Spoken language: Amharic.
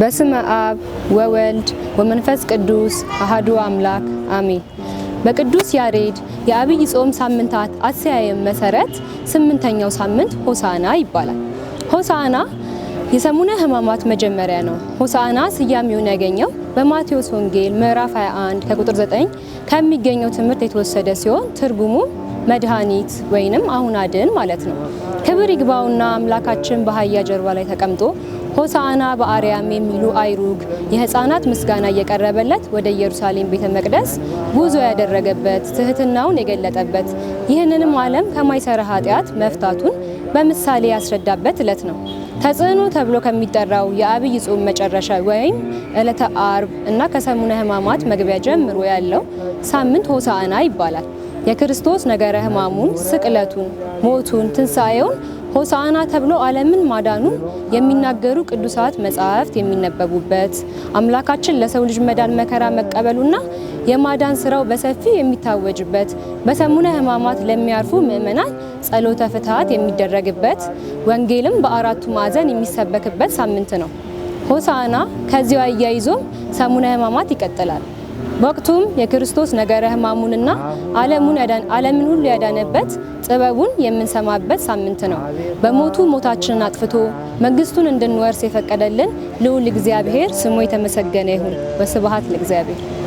በስመ አብ ወወልድ ወመንፈስ ቅዱስ አሐዱ አምላክ አሜን። በቅዱስ ያሬድ የአብይ ጾም ሳምንታት አሰያየም መሰረት ስምንተኛው ሳምንት ሆሳና ይባላል። ሆሳና የሰሙነ ሕማማት መጀመሪያ ነው። ሆሳዕና ስያሜውን ያገኘው በማቴዎስ ወንጌል ምዕራፍ 21 ከቁጥር 9 ከሚገኘው ትምህርት የተወሰደ ሲሆን ትርጉሙ መድኃኒት ወይንም አሁን አድን ማለት ነው። ክብር ይግባውና አምላካችን በአህያ ጀርባ ላይ ተቀምጦ ሆሳና በአርያም የሚሉ አይሩግ የህፃናት ምስጋና እየቀረበለት ወደ ኢየሩሳሌም ቤተ መቅደስ ጉዞ ያደረገበት ትህትናውን የገለጠበት ይህንንም ዓለም ከማይሰራ ኃጢአት መፍታቱን በምሳሌ ያስረዳበት እለት ነው። ተጽዕኖ ተብሎ ከሚጠራው የአብይ ጾም መጨረሻ ወይም ዕለተ አርብ እና ከሰሙነ ህማማት መግቢያ ጀምሮ ያለው ሳምንት ሆሳዕና ይባላል። የክርስቶስ ነገረ ህማሙን ስቅለቱን፣ ሞቱን፣ ትንሣኤውን ሆሳዕና ተብሎ ዓለምን ማዳኑ የሚናገሩ ቅዱሳት መጻሕፍት የሚነበቡበት አምላካችን ለሰው ልጅ መዳን መከራ መቀበሉና የማዳን ስራው በሰፊ የሚታወጅበት በሰሙነ ሕማማት ለሚያርፉ ምእመናን ጸሎተ ፍትሐት የሚደረግበት ወንጌልም በአራቱ ማዕዘን የሚሰበክበት ሳምንት ነው። ሆሳዕና ከዚያው አያይዞም ሰሙነ ሕማማት ይቀጥላል። ወቅቱም የክርስቶስ ነገረ ሕማሙንና ዓለምን ሁሉ ያዳነበት ጥበቡን የምንሰማበት ሳምንት ነው። በሞቱ ሞታችንን አጥፍቶ መንግስቱን እንድንወርስ የፈቀደልን ልዑል እግዚአብሔር ስሙ የተመሰገነ ይሁን። ወስብሐት ለእግዚአብሔር።